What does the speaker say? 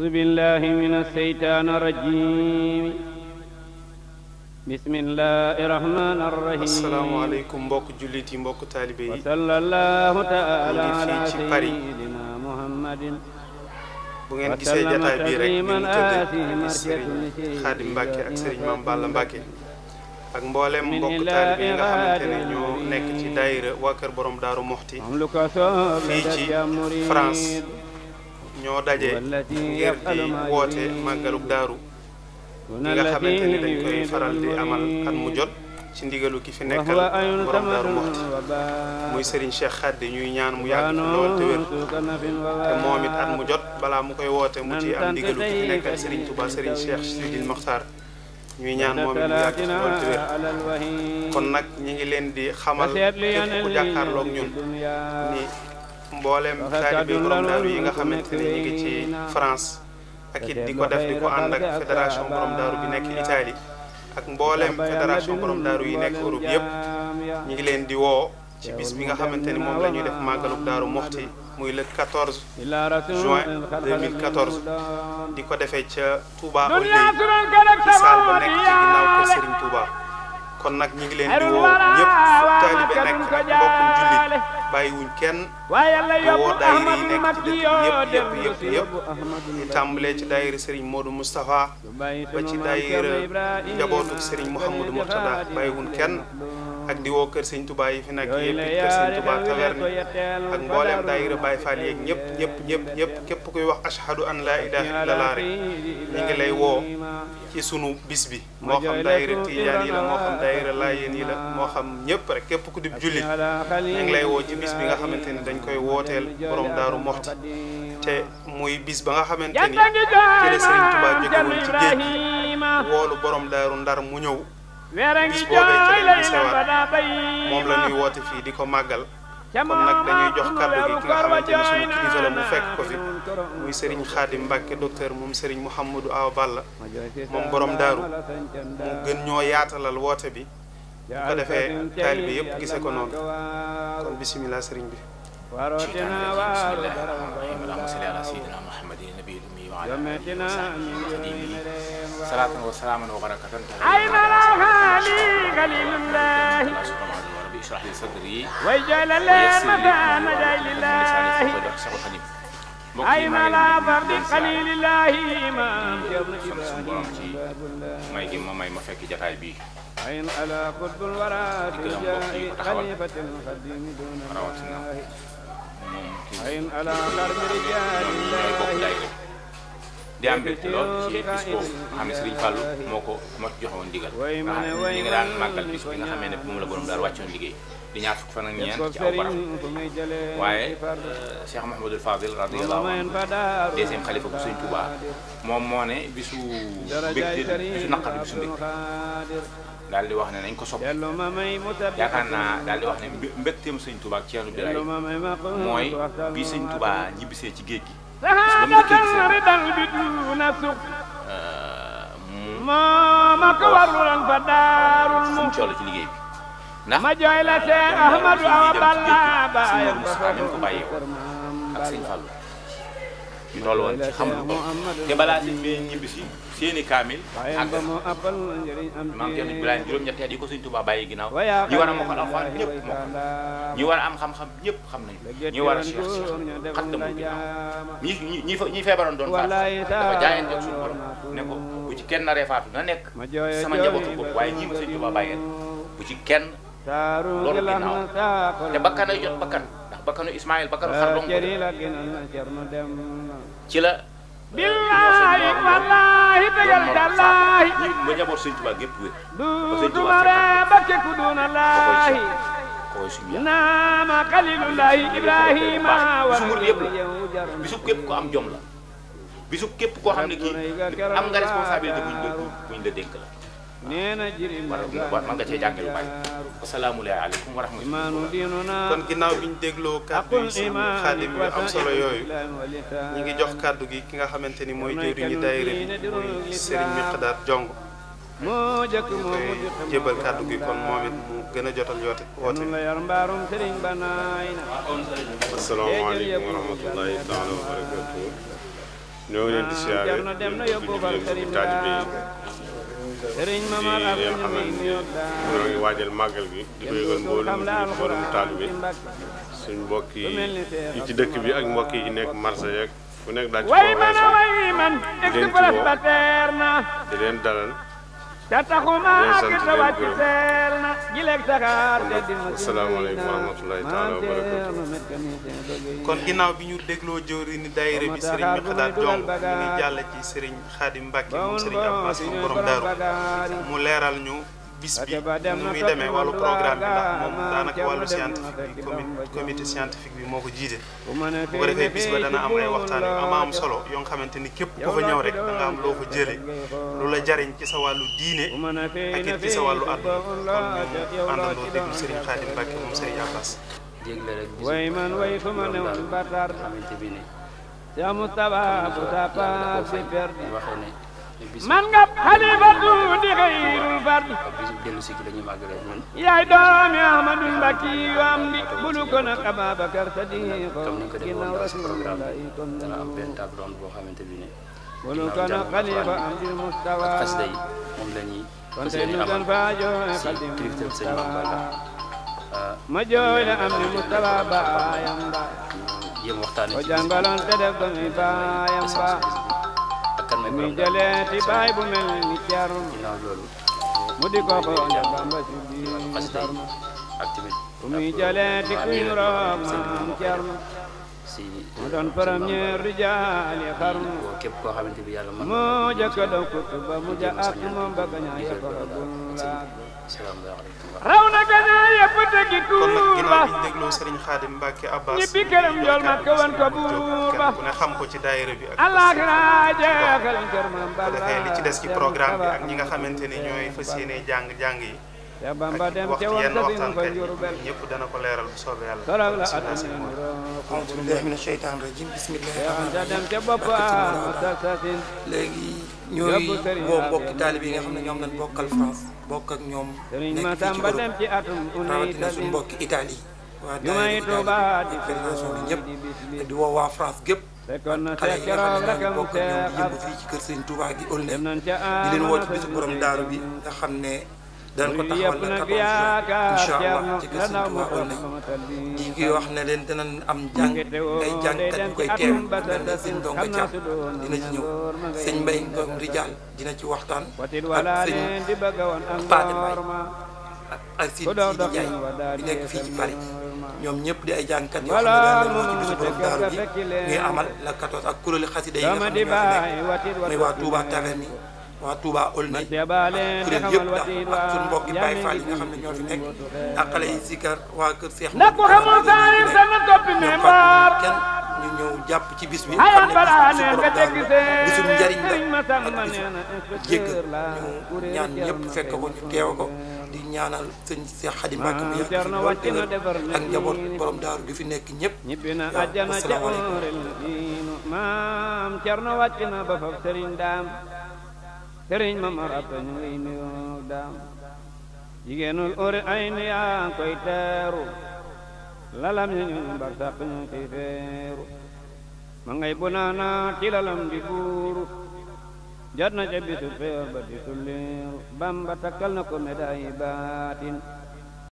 أعوذ بالله من الشيطان الرجيم بسم الله الرحمن الرحيم السلام عليكم mbokk jullit yi mbokk taalibe yi وصلى الله تعالى على سيدنا محمد bu ngeen gisee jataay bii rek ñu ngi tëdd ak sëriñ Xaadim Mbàkke ak sëriñ Maam Balla Mbàkke ak mboolem mbokk taalibe yi nga xamante ne ñoo nekk ci daayira waa kër borom Daaru Muxti fii ci France ñoo daje ngir di woote màggaluk daaru li nga xamante ni dañ koy faral di amal at mu jot ci ndigalu ki fi nekkal borom daaru muxti muy Serigne Cheikh Khady ñuy ñaan mu yàgg fi lool te te moom it at mu jot balaa mu koy woote mu ci am ndigalu ki fi nekkal Serigne Touba Serigne Cheikh Sidil Mokhtar ñuy ñaan moom it mu yàgg fi lool te kon nag ñi ngi leen di xamal képp ku jàkkaarloog ñun mbooleem taalibe borom daaru yi nga xamante ne ñu ngi ci France ak di ko def di ko ànd ak fédération borom daaru bi nekk Italie ak mbooleem fédération borom daaru yi nekk Europe yëpp ñu ngi leen di woo ci bis bi nga xamante ni moom la ñuy def màggalub daaru Moxti muy le 14 juin 2014 di ko defee ca Touba au lieu ci saal ba nekk ci ginnaaw kër rek bàyyiwuñ kenn waaye yàlla yóbbu ahmad makki yoo dem yëpp yëpp ñu tàmbalee ci daayira sëriñ Modou Moustapha ba ci daayira njabootu sëriñ Mouhamadou Mourtada bàyyiwuñ kenn ak di woo kër sëñ Touba yi fi nekk yëpp it kër sëñ Touba taverne ak mbooleem daayira Baye Fall yeeg ñëpp ñëpp ñëpp ñëpp képp kuy wax ashhadu an laa ilaaha illallaah ñu ngi lay woo ci sunu bis bi moo xam daayira Tijaan yi la moo xam daayira ñëpp rek képp ku dib jullit ñu ngi lay woo ci bis bi nga xamante ni dañ koy wooteel borom Daaru Moxti te muy bis ba nga xamante ni ci la sëñ Touba jógewoon ci woolu borom Daaru Ndar mu ñëw bis boobee ci la ñuy sewaat moom la ñuy woote fii di ko màggal kon nag dañuy jox kàddu gi ki nga xamante ne suñu kilifa la mu fekk ko fi muy Serigne Khadim Mbacke docteur moom Serigne Mouhamadou Awa Balla moom boroom daaru mu gën ñoo yaatalal woote bi bu ko defee taalibe bi yëpp ko noonu kon bisimilah Serigne bi. وعلى آله وصحبه صلاة وسلاما وبركة ربي اشرح لي صدري ويجعل المكان جاي لله أين لا فرد قليل الله إمام may gi ma may ma fekk jataay bii ayn ala qutbul wara tijani khalifatul qadim dun rawatina ayn ala karmi rijalillahi di am mbégte lool ci bis boobu xam ne Serigne Fallou moo ko moo ci joxewoon ndigal nga xam ne ñi nga daan màggal bis moom la borom daal wàccoon liggéey di ñaar fukk fan ak ñeent ci aw baram waaye euh, Cheikh Mouhamadul Fadil radiyallahu anhu deuxième xalifa bu Serigne Touba moom moo ne bisu mbégte bisu naqar bisu mbégte daal di wax ne nañ ko sopp yaakaar naa daal di wax ne mbégteem Serigne Touba ak Thierno Biraye mooy bi Serigne Touba ñibbisee ci géej gi sahaadatan ridan bi duuna suq euh, mooma ko fa daarul mu ma jooy la ahmadu awa balla baayam ko bàyyi ak sëñ ñu toll woon ci xam balaa sëñ bi ñibbi si seeni kaamil ak maam Cerno Ibrahima juróom-ñetti at yi ko sëñ Tuubaa bàyyi ginnaaw ñi war a mokkal alxuraan ñëpp mokkal ñi war a am xam-xam ñëpp xam nañu ñi war a seex seex xat damul ginnaaw ñi ñi ñi feebaroon doon faatu dafa jaayante ak suñu borom ne ko bu ci kenn naree faatu na nekk sama njabootu bopp waaye ñii ma sëñ Tuubaa bàyyeen bu ci kenn loolu ginnaaw te bakkan ay jot bakkan ndax bakkanu Ismaayil bakkanu eh, xar dong ci la. Eh, billaahi wallaahi tegal jàllaahi ba njaboot sëñ Tuubaa gépp wér duutuma ree bakke ku duuna laahi naama xalilullaahi ibrahima wala yëpp la bisub képp ko am jom la bisub képp koo xam ne kii am nga responsabilité buñ la buñ la dénk la waaw bu boobaa kon ginnaaw bi ñu dégloo kàddu yi si xaadim yu am solo yooyu ñu ngi jox kàddu gi ki nga xamante ni mooy jëriñu daayira bi muy Serigne Miqdaar Jong. moo jëkk gi kon moom mu gën a jotal yoote woote. asalaamaaleykum wa rahmatullahi taala wa yi nga xam ne ñoo ngi waajal màggal gi di ko yëgal mboolum mboolum taalibe suñ mbokk yi ci dëkk bi ak mbokk yi nekk marché yeeg fu nekk daal ci convention di leen ci woo di leen dalal te taxuma ak sa wàcc seel na gileeg saxaar kon ginnaaw bi ñu dégloo jëwri ni daayira bi sëriñ Mixdaat Jong ñu ngi jàll ci sëriñ Xaadim Mbàkke moom sëriñ Abbas moom borom mu leeral ñu bis bi nu muy demee wàllu programme bi ndax moom daanaka wàllu scientifique bi comité scientifique bi moo ko jiite bu ko defee bis ba dana am ay waxtaan yu am solo yoo nga xamante ni képp ku fa ñëw rek da nga am loo fa jële lu la jariñ ci sa wàllu diine ak it ci sa wàllu àdduna kon ñu àndandoo déglu Serigne Khadim Mbacke moom Serigne Abbas a rek bis xamante bi ne man nga xalifatu di xayrul fard yaay doomi ahmadul mbakki yu am di bulu ko nag ababakar sadiqo ginnaaw rasulullah kon bulu ko nag am di mustawa ma joole am di mustawa baayam ba ko jàngaloon doomi baayam dañuy jëlee ci baay bu mel ni Thierno. ginnaaw mu di ko ko ndel Bamba ci biir Thierno. ak tamit. bu muy jëlee ci kuy roog maam Thierno. ci mu doon premier rijaali xarnu woo képp yàlla mën moo jëkk daw kuttu ba mu ja ak moom ba gañaa yëpp ba raw na gañaa yëpp tegi tuur ba Xaadim Mbàkke Abbas ñibbi këram yool ma ko buur ba ku ne xam ko ci daayira bi ak alaaxira jeexal kër ma li ci des ci programme ak ñi nga xamante ni ñooy fas yéene jàng jàng yi ya bamba dem te war a def fa Diourbel ñëpp dana ko leeral bu soobee yàlla. mi ngi doon. a'uuzu billaahi mina rajiim bismillaahi rahmaani rahiim. te bopp assasine. léegi ñooy nga xam ne ñoom lañ bokkal France bokk ñoom. nekk fii ci Europe rawatina suñu mbokki Italie. waa daay di bi di woo waa gépp xale yi nga xam ne ñoo bokk ak ñoom di yëngu fii ci kër Sëriñ Touba gi Aulnay di leen woo ci bisu borom daaru bi nga xam ne. danañ ko taxawal la 14 incha allah ci gëstu Tuuba wal nañ di ki wax ne leen danañ am jàng ay jàngkat ñu koy teew mel ne sëñ Ndongo Thiam dina ci ñëw sëñ mbay Ngom Rijal dina ci waxtaan ak sëñ Paate Mbaye ak ak sëñ Sidi Ndiaye bi nekk fii ci ñoom ñëpp di ay jàngkat yoo xam ne daal moo ci ak kuréeli xasida yi nga xam ne ñoo waa Touba Aulnay ak ah, kuréel yëpp daal ak suñu yi nga xam ne ñoo fi nekk ak yi Sikar waa Kër Seex na ko xamul saarir sama toppi membar kenn ñu ñëw jàpp ci bis bi xam ne bisu njariñ la ak bisu jéggal ñu ñaan ñëpp fekk ko ñu teew ko di ñaanal sëñ Seex Xadim na mu defar fi lool teewal ak njaboot borom daaru gi fi nekk ñëpp waaw maam Cerno wàcc na ba faf sëriñ daam sëriñ ma mor ab ñu ngi nuyu daam jigéenul ori ay nu yaa koy teeru lalam ñu ñu mbar sàq ñu ciy feeru ma ngay bu naana ci di fuuru jot na ca bisu feer ba di sulliiru bamba takkal na ko médaille baatin